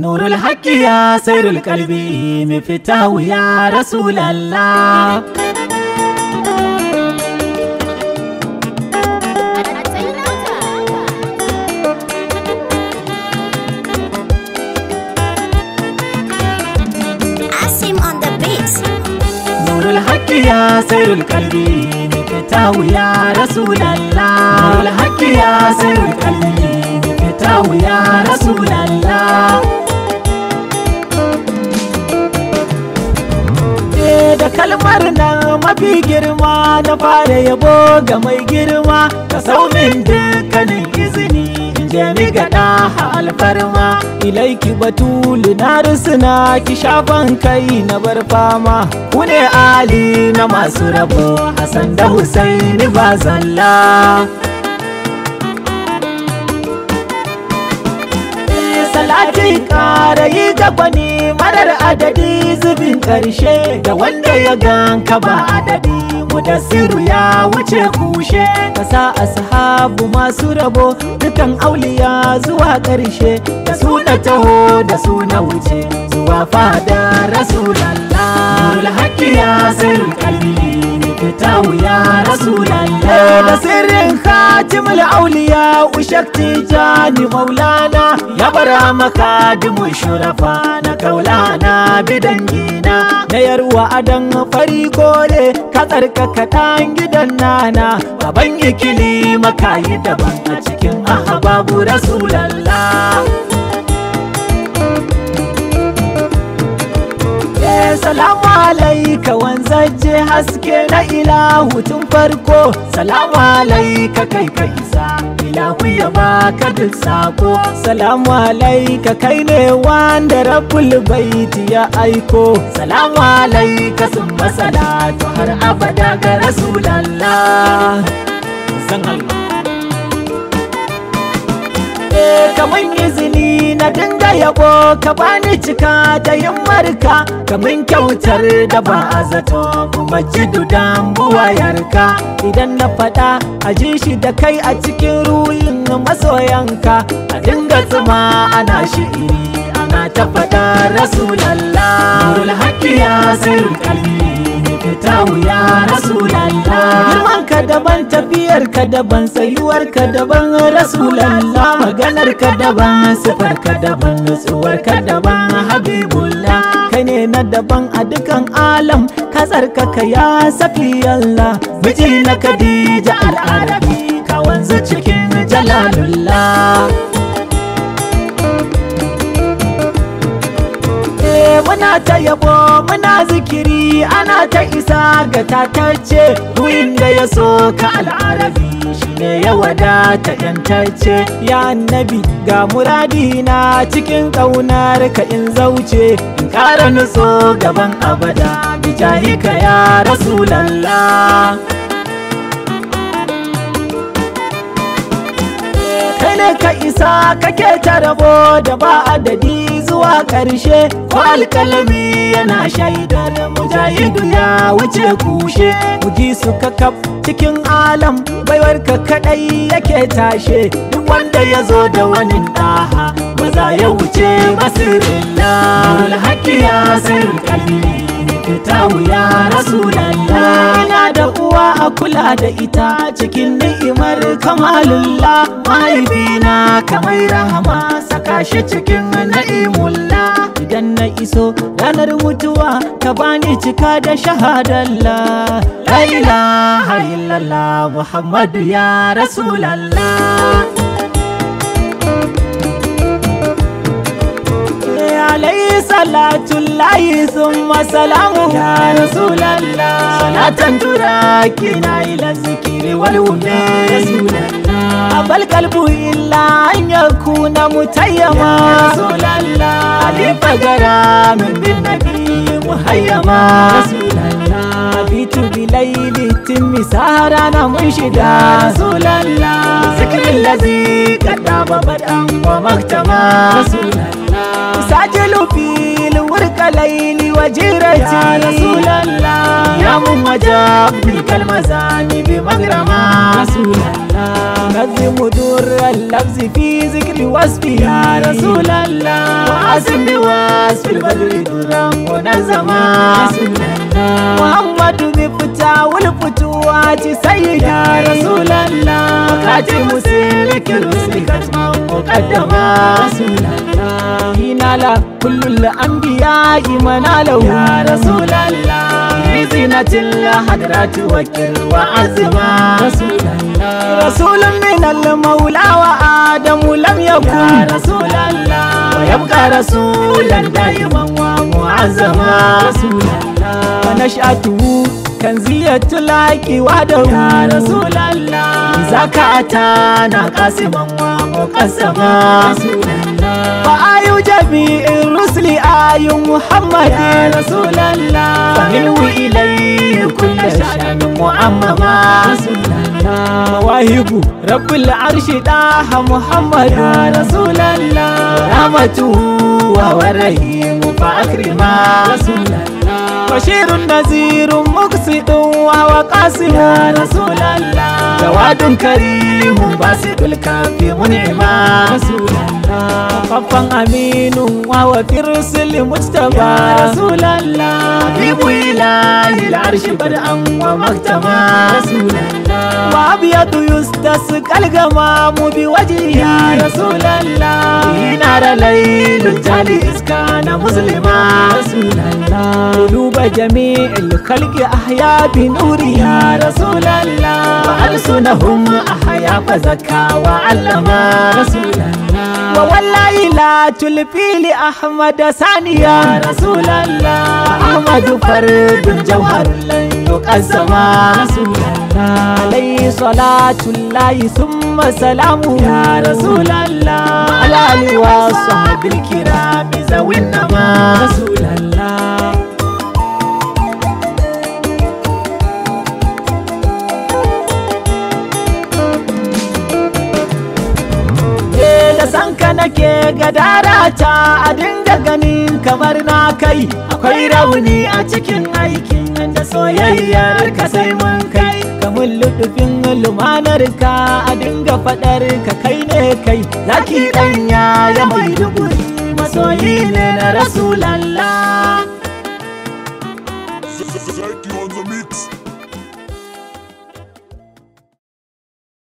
نور الحق يا سير القلب مفتاح يا رسول الله يا سير القلب مفتاح يا رسول الله الحق يا سير القلب مفتاح يا رسول الله kalmar nan mafi girma na fara yabo ga mai girma ka min dukkanin izini in je mi gaɗa alfarma ilaiki batulu na rusuna ki shafan kai na bar fama ku ne ali na masu rabo hasan da husaini ba zalla eh, salati ƙara yi ga Marar adadi zubin ƙarshe da wanda ya ganka ba adadi siru ya wuce kushe kasa ashabu masu rabo dukan auliya zuwa ƙarshe da suna taho da suna wuce zuwa fada rasulallah mulhaqi ya sirri kalbi ne fitawu ya rasulallah da sirrin jimla auliya ushakti jani maulana ya bara maka dimu shurafa na kaulana bidangina na yarwa adan fari kore ka tsarkaka dan gidan nana baban ikili maka yi daban a cikin ahababu rasulallah Yeah, salam alaika wanzaje haske na ilahu tun farko salamu alaika kai ka isa ilahu ya baka duk sako salamu alaika kai ne wanda rabbul baiti ya aiko salamu alaika sun masalatu har abada ga rasulallah zan Allah ne mun izini na dinga yabo ka bani cika da ka mun kyautar da ba a zato kuma ji dudan buwayarka idan na faɗa a ji shi da kai a cikin ruhin masoyanka a dinga tsima ana shi'iri ana ta faɗa rasulalla nurul haƙƙi ya sirrin kalbi fita wuya rasulallah ka daban tafiyar ka daban tsayuwar ka daban rasulallah maganar ka daban sifar ka daban nutsuwar ka daban habibullah Ka ne na daban a dukan alam ka tsarkaka ya safi Allah na Khadija al'arabi ka wanzu cikin jalalullah eh, muna ta zikiri ana ta isa ga tatacce ruwin da ya so ka al'arabi shine ya wadata yantacce ya annabi ga muradina cikin ƙaunar ka in zauce in ƙara nutso gaban abada bijahika ya rasulallah ne ka isa kake ta rabo da ba adadi zuwa ƙarshe ko alƙalami yana shaidar mujahidu ya wuce kushe bugi su kakaf cikin alam baiwar ka kaɗai yake tashe duk wanda ya zo da wani ba za ya wuce basirin na alhaki ya sirrin kalli ta wuya rasulallah kula da ita cikin ni'imar kamalulla. mahaifina kamar rahama saka shi cikin na'imulla. idan na iso ranar mutuwa ka bani cika da shahadalla. laila hailala muhammadu ya rasulallah salatullahi summa salamu ya rasulallah salatan turaki na ila zikiri wal wume abal kalbu illa an yakuna mutayyama ya rasulallah alifa gara min bin nabi muhayyama rasulallah bitu bilaili timmi sahara na mun shida ya rasulallah zikirin lazi kadaba badan wa maktama rasulallah Rasulallah, Rasulallah, Rasulallah, Rasulallah, Rasulallah, Rasulallah, Rasulallah, Rasulallah, Rasulallah, Rasulallah, Rasulallah, Rasulallah, Rasulallah, Rasulallah ta'ala kullum anbiya imanalahu ya rasulallah izina jilla hadratu wakil wa azima rasulallah rasulun min al maula wa adam lam yakun ya rasulallah wa yabqa rasulan daiman wa mu'azzama rasulallah wa nash'atu kan ziyatu laki wa dahu ya rasulallah zakata na qasiman wa muqassama rasulallah tabi'in rusuli ayin muhammadi ya rasulallah faminu ilai kulle shanin mu'amama mawahibu rabbul arshi da ha muhammadi ya rasulallah ramatu wa warahimu fa akrima rasulallah bashirun nazirun muqsidun wa waqasim ya rasulallah jawadun karimun basidul kafi mun'ima rasulallah faffan aminun wa wa firsil mujtaba ya rasulallah habibu ilahi al'arshi bad'an wa maktama rasulallah wa abiyatu yustas kalgama mu bi wajhi ya rasulallah zara lailu tali iska na musulma rasulallah duba jami'il khalqi ahya bi nuri ya rasulallah alsunahum ahya fa zakka wa allama rasulallah ba wallahi la tulfili ahmad saniya ya rasulallah ahmadu fardun jauhar yuqassama rasulallah alayhi salatu salatullahi summa salamu ya rasulallah ala alihi wa sahbihi kirami zawinna ma rasulallah dara ta a dinga ganin kamar na kai akwai rauni a cikin aikin da soyayyar ka sai mun kai kamun ludufin lumanar ka a dinga fadar ka kai ne kai zaki danya ya mai dubu? masoyi ne na rasulallah